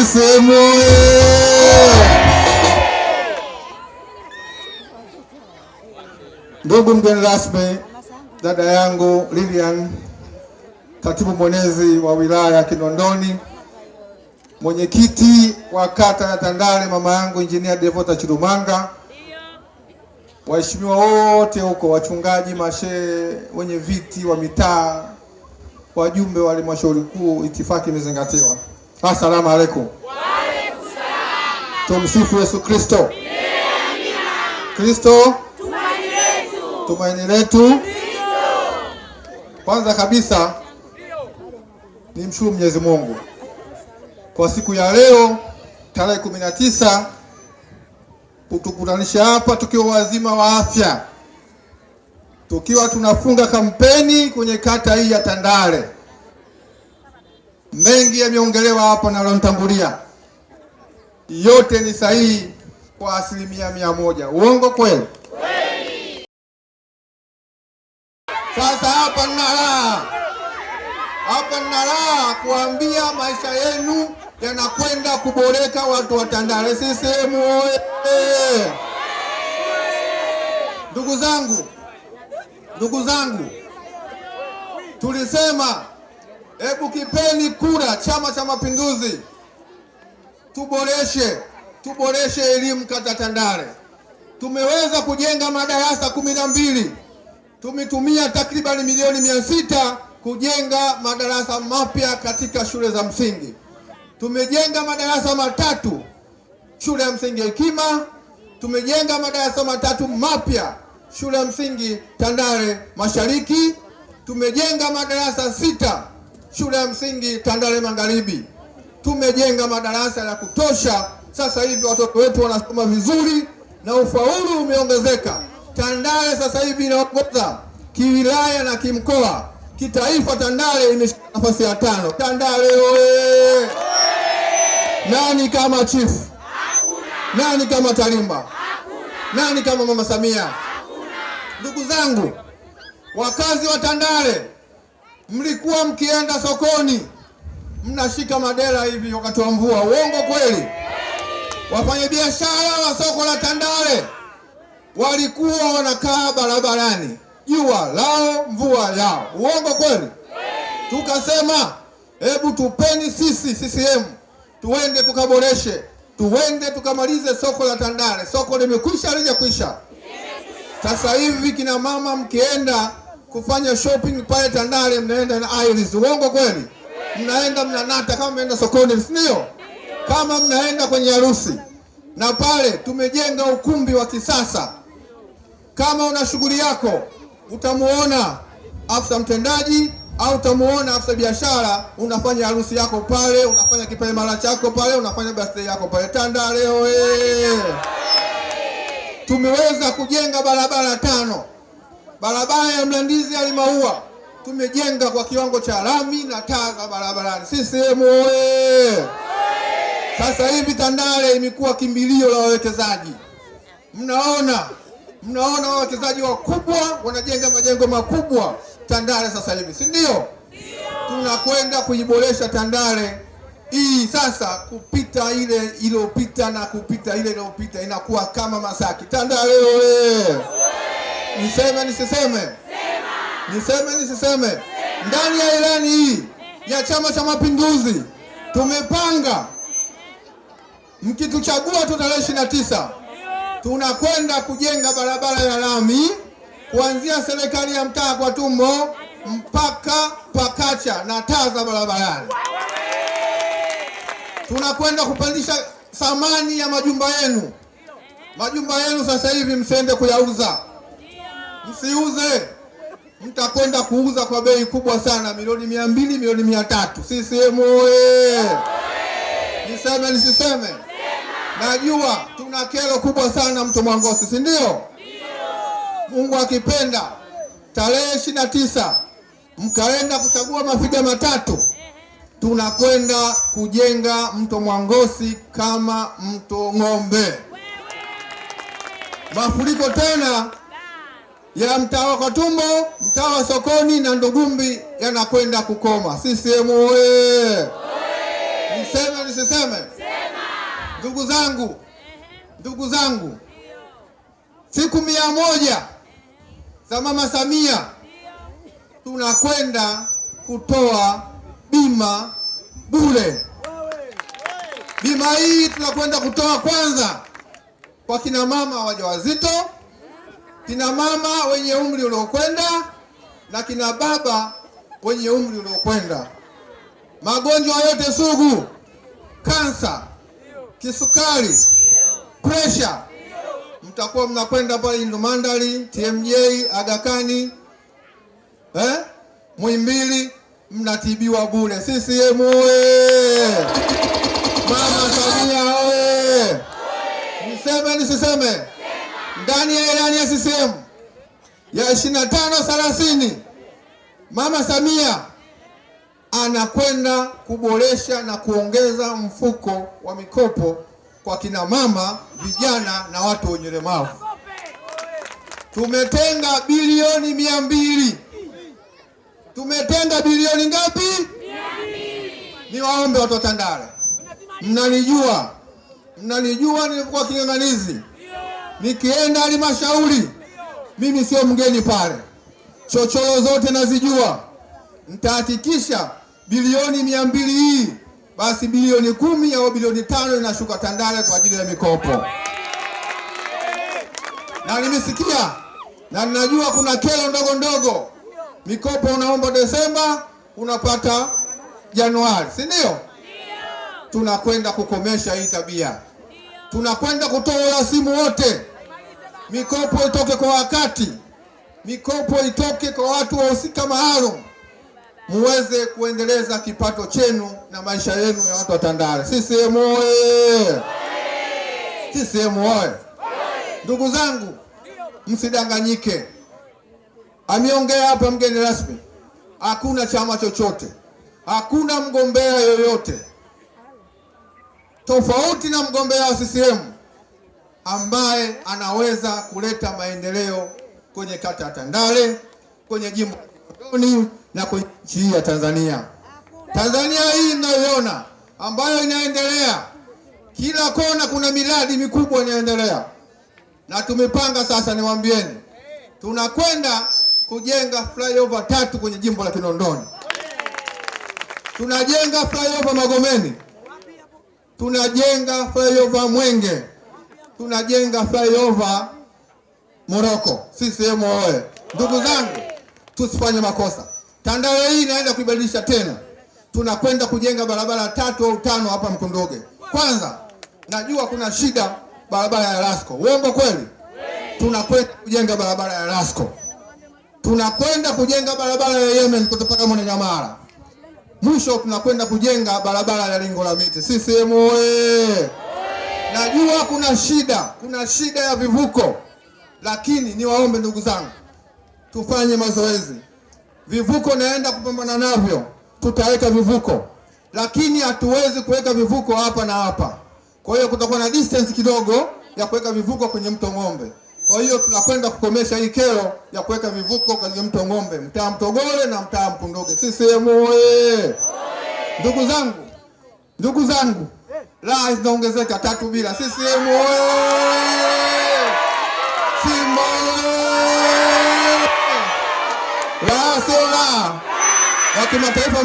CCM Ndugu mgeni rasmi, dada yangu Lilian, katibu mwenezi wa wilaya ya Kinondoni, mwenyekiti wa kata ya Tandale, mama yangu injinia Devota chirumanga waheshimiwa wote huko, wachungaji, mashehe, wenye viti wa mitaa, wajumbe wa halmashauri kuu, itifaki imezingatiwa. Assalamu alaikum. Tumsifu Yesu Kristo. Kristo tumaini letu. Kwanza kabisa ni mshukuru Mwenyezi Mungu kwa siku ya leo tarehe kumi na tisa kutukutanisha hapa tukiwa wazima wa afya, tukiwa tunafunga kampeni kwenye kata hii ya Tandale. Mengi yameongelewa hapo na alonitangulia, yote ni sahihi kwa asilimia mia moja. Uongo kweli? Sasa hapa nina hapa nina kuambia maisha yenu yanakwenda kuboreka, watu wa Tandale CCM oye! Ndugu zangu, ndugu zangu, tulisema Hebu kipeni kura Chama cha Mapinduzi, tuboreshe tuboreshe elimu kata Tandale. Tumeweza kujenga madarasa kumi na mbili, tumetumia takribani milioni mia sita kujenga madarasa mapya katika shule za msingi. Tumejenga madarasa matatu shule ya msingi Hekima, tumejenga madarasa matatu mapya shule ya msingi Tandale Mashariki, tumejenga madarasa sita shule ya msingi Tandale Magharibi. Tumejenga madarasa ya kutosha, sasa hivi watoto wetu wanasoma vizuri na ufaulu umeongezeka. Tandale sasa hivi inaongoza kiwilaya na kimkoa, kitaifa. Tandale imeshika nafasi ya tano. Tandale oye! Nani kama chifu? Hakuna. Nani kama Talimba? Hakuna. Nani kama mama Samia? Hakuna. Ndugu zangu wakazi wa Tandale Mlikuwa mkienda sokoni mnashika madera hivi wakati wa mvua, uongo kweli? Wafanyabiashara wa soko la Tandale walikuwa wanakaa barabarani, jua lao mvua yao, uongo kweli? Tukasema hebu tupeni sisi CCM tuende tukaboreshe, tuende tukamalize soko la Tandale. Soko limekwisha lijakwisha? Sasa hivi kina mama mkienda kufanya shopping pale Tandale, mnaenda na Iris. Uongo kweli? Mnaenda mnanata kama mnaenda sokoni, si ndio? Kama mnaenda kwenye harusi. Na pale tumejenga ukumbi wa kisasa. Kama una shughuli yako, utamuona afisa mtendaji au utamuona afisa biashara, unafanya harusi yako pale, unafanya kipaimara chako pale, unafanya birthday yako pale Tandale. Oe, tumeweza kujenga barabara tano Barabara ya Mlandizi hadi Maua tumejenga kwa kiwango cha lami na taa za barabarani. CCM oye! Sasa hivi Tandale imekuwa kimbilio la wawekezaji. Mnaona, mnaona wawekezaji wakubwa wanajenga majengo makubwa Tandale sasa hivi, si ndio? Tunakwenda kuiboresha Tandale hii sasa, kupita ile iliyopita na kupita ile iliyopita, inakuwa kama Masaki. Tandale oye! Niseme nisiseme? Sema. Niseme nisiseme? Ndani ya ilani hii ya Chama cha Mapinduzi tumepanga, mkituchagua tu tarehe ishirini na tisa tunakwenda kujenga barabara ya lami kuanzia serikali ya mtaa kwa tumbo mpaka Pakacha na taa za barabarani. Tunakwenda kupandisha thamani ya majumba yenu. Majumba yenu sasa hivi msiende kuyauza msiuze, mtakwenda kuuza kwa bei kubwa sana, milioni mia mbili, milioni mia tatu. CCM oye! Niseme nisiseme? Najua tuna kero kubwa sana Mto Mwangosi, si ndio? Mungu akipenda tarehe ishirini na tisa mkaenda kuchagua mafiga matatu, tunakwenda kujenga Mto Mwangosi kama mto ng'ombe. Mafuriko tena ya mtaa wa Katumbo, mtaa wa Sokoni na Ndugumbi yanakwenda kukoma. CCM oye! Niseme nisiseme? Ndugu zangu, ndugu zangu, siku mia moja za mama Samia tunakwenda kutoa bima bure. Bima hii tunakwenda kutoa kwanza kwa kina mama wajawazito kina mama wenye umri uliokwenda na kina baba wenye umri uliokwenda. Magonjwa yote sugu, kansa, kisukari, presha, mtakuwa mnakwenda pale Ndumandali, TMJ, agakani eh, Muhimbili, mnatibiwa bure. CCM oye! Mama Samia oye! Niseme nisiseme? ndani ya ilani ya CCM ya 25 30 Mama Samia anakwenda kuboresha na kuongeza mfuko wa mikopo kwa kina mama, vijana na watu wenye ulemavu. Tumetenga bilioni mia mbili. Tumetenga bilioni ngapi? Ni waombe watu wa Tandale, mnalijua, mnalijua nilikuwa kinganganizi nikienda halmashauri, mimi sio mgeni pale, chochoro zote nazijua. Nitahakikisha bilioni mia mbili hii basi bilioni kumi au bilioni tano inashuka Tandale kwa ajili ya mikopo, na nimesikia na ninajua kuna kero ndogo ndogo. Mikopo unaomba Desemba unapata Januari, si ndio? Tunakwenda kukomesha hii tabia tunakwenda kutoa urasimu wote, mikopo itoke kwa wakati, mikopo itoke kwa watu wahusika maalum, muweze kuendeleza kipato chenu na maisha yenu ya watu wa Tandale. CCM oye! CCM oye! Ndugu zangu, msidanganyike. Ameongea hapa mgeni rasmi, hakuna chama chochote, hakuna mgombea yoyote tofauti na mgombea wa CCM ambaye anaweza kuleta maendeleo kwenye kata ya Tandale, kwenye jimbo la Kinondoni na kwenye nchi hii ya Tanzania. Tanzania hii mnayoiona ambayo inaendelea kila kona, kuna miradi mikubwa inaendelea, na tumepanga sasa, niwaambieni, tunakwenda kujenga flyover tatu kwenye jimbo la Kinondoni, tunajenga flyover Magomeni tunajenga flyover Mwenge, tunajenga flyover Moroko. CCM oye! Ndugu zangu, tusifanye makosa. Tandale hii inaenda kuibadilisha tena, tunakwenda kujenga barabara tatu au tano hapa Mkunduge. Kwanza najua kuna shida barabara ya Rasco, uongo kweli? Tunakwenda kujenga barabara ya Rasco, tunakwenda kujenga barabara ya Yemen kutoka Mwananyamala mwisho tunakwenda kujenga barabara ya Lingo la Miti. CCM oye! Najua kuna shida, kuna shida ya vivuko, lakini niwaombe ndugu zangu, tufanye mazoezi. Vivuko naenda kupambana navyo, tutaweka vivuko, lakini hatuwezi kuweka vivuko hapa na hapa. Kwa hiyo kutakuwa na distance kidogo ya kuweka vivuko kwenye mto Ng'ombe. Kwa hiyo tunakwenda kukomesha hii kero ya kuweka vivuko kwenye mto Ng'ombe, mtaa Mtogole na mtaa mpunduge CCM oye! Ndugu zangu, ndugu zangu, la zinaongezeka tatu bila. CCM oye! Simba oye! La sio la wa kimataifa,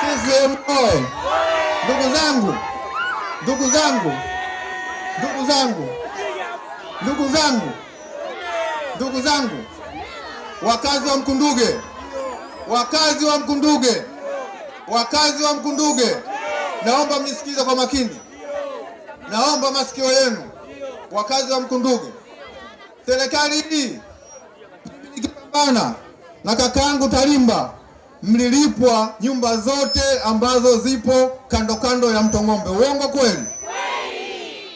CCM oye! Ndugu zangu, ndugu zangu, ndugu zangu Ndugu zangu, ndugu zangu, wakazi wa Mkunduge, wakazi wa Mkunduge, wakazi wa Mkunduge, naomba mnisikize kwa makini, naomba masikio yenu, wakazi wa Mkunduge. Serikali hii ikipambana na kakaangu Talimba, mlilipwa nyumba zote ambazo zipo kando kando ya mto Ng'ombe. Uongo kweli?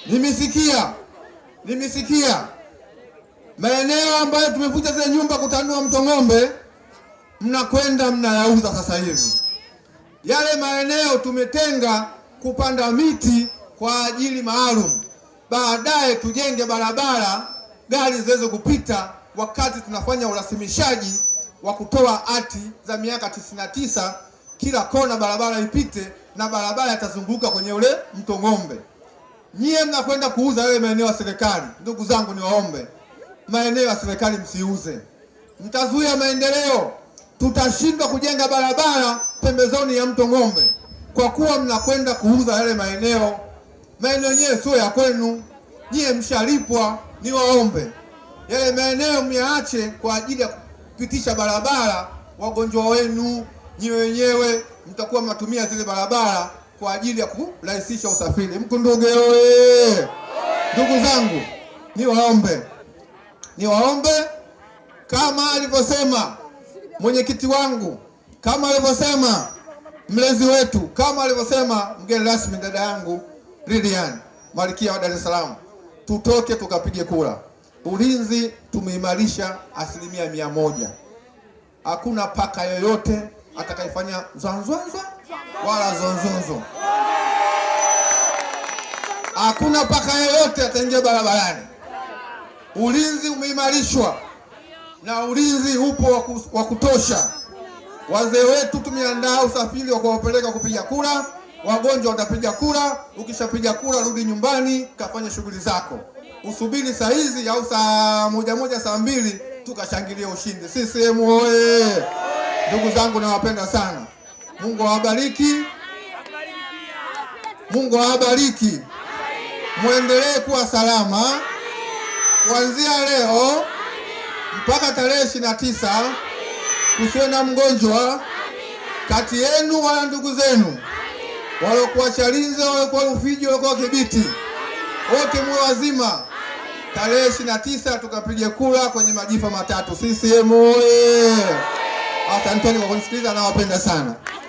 Nimesikia nimesikia maeneo ambayo tumevuta zile nyumba kutanua mto ng'ombe, mnakwenda mnayauza sasa hivi. Yale maeneo tumetenga kupanda miti kwa ajili maalum, baadaye tujenge barabara gari ziweze kupita, wakati tunafanya urasimishaji wa kutoa hati za miaka tisa kila kona barabara ipite, na barabara itazunguka kwenye ule mto ng'ombe. Nyie mnakwenda kuuza wewe maeneo ya serikali. Ndugu zangu, niwaombe, maeneo ya serikali msiuze, mtazuia maendeleo. Tutashindwa kujenga barabara pembezoni ya mto Ng'ombe kwa kuwa mnakwenda kuuza yale maeneo. Maeneo yenyewe sio ya kwenu, nyie mshalipwa. Niwaombe, yale maeneo myaache kwa ajili ya kupitisha barabara wagonjwa wenu. Nyie wenyewe mtakuwa mnatumia zile barabara kwa ajili ya kurahisisha usafiri. Mkunduge oye! Ndugu zangu, niwaombe niwaombe, kama alivyosema mwenyekiti wangu, kama alivyosema mlezi wetu, kama alivyosema mgeni rasmi dada yangu Lilian Malkia wa Dar es Salaam, tutoke tukapige kura. Ulinzi tumeimarisha asilimia mia moja. Hakuna paka yoyote atakayefanya zwanzwanzwa wala zonzonzo. Hakuna paka yeyote ataingia barabarani. Ulinzi umeimarishwa na ulinzi upo wa kutosha. Wazee wetu tumeandaa usafiri wa kuwapeleka kupiga kura, wagonjwa watapiga kura. Ukishapiga kura, rudi nyumbani, kafanye shughuli zako, usubiri saa hizi au saa moja moja, saa mbili, tukashangilia ushindi. CCM oye! Ndugu zangu, nawapenda sana. Mungu awabariki, Mungu awabariki, mwendelee kuwa salama kuanzia leo mpaka tarehe ishirini na tisa. Kusiwe na mgonjwa kati yenu wala ndugu zenu waliokuwa Chalinze, waliokuwa Rufiji, waliokuwa Kibiti, wote mwe wazima. Tarehe ishirini na tisa tukapige kura kwenye majifa matatu. CCM oye! Asanteni kwa kunisikiliza, nawapenda sana.